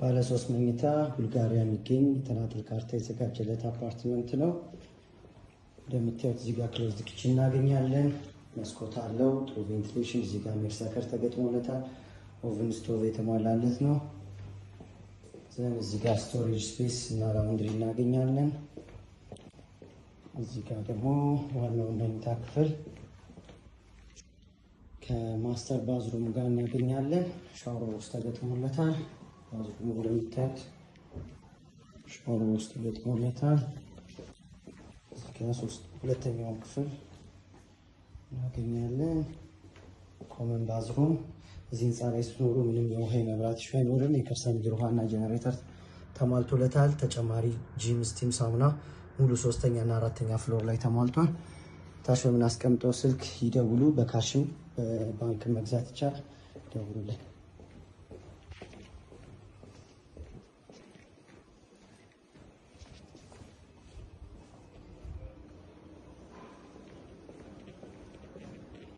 ባለ ሶስት መኝታ ቡልጋሪያ የሚገኝ ተናጥል ካርታ የዘጋጀለት አፓርትመንት ነው። እንደምታዩት እዚጋ ክሎዝድ ኪችን እናገኛለን። መስኮት አለው፣ ጥሩ ቬንቲሌሽን። እዚጋ ሜርሳከር ተገጥሞለታል። ኦቨን ስቶቭ የተሟላለት ነው። ዘን እዚጋ ስቶሬጅ ስፔስ እና ላውንድሪ እናገኛለን። እዚጋ ደግሞ ዋናው መኝታ ክፍል ከማስተር ባዝሩም ጋር እናገኛለን። ሻወር ውስጥ ተገጥሞለታል። ህዝቡ እንደምታዩት ሽፋኑ ውስጥ ገጥሞለታል። እዚጋ ሶስት ሁለተኛውን ክፍል እናገኛለን። ኮመን ባዝሩም እዚህ ህንፃ ላይ ስትኖሩ ምንም የውሃ የመብራት ሽ አይኖርም። የከርሰ ምድር ውሃና ጀኔሬተር ተሟልቶለታል። ተጨማሪ ጂም፣ ስቲም፣ ሳሙና ሙሉ ሶስተኛ እና አራተኛ ፍሎር ላይ ተሟልቷል። ታች በምናስቀምጠው ስልክ ይደውሉ። በካሽም በባንክ መግዛት ይቻላል። ደውሉልን።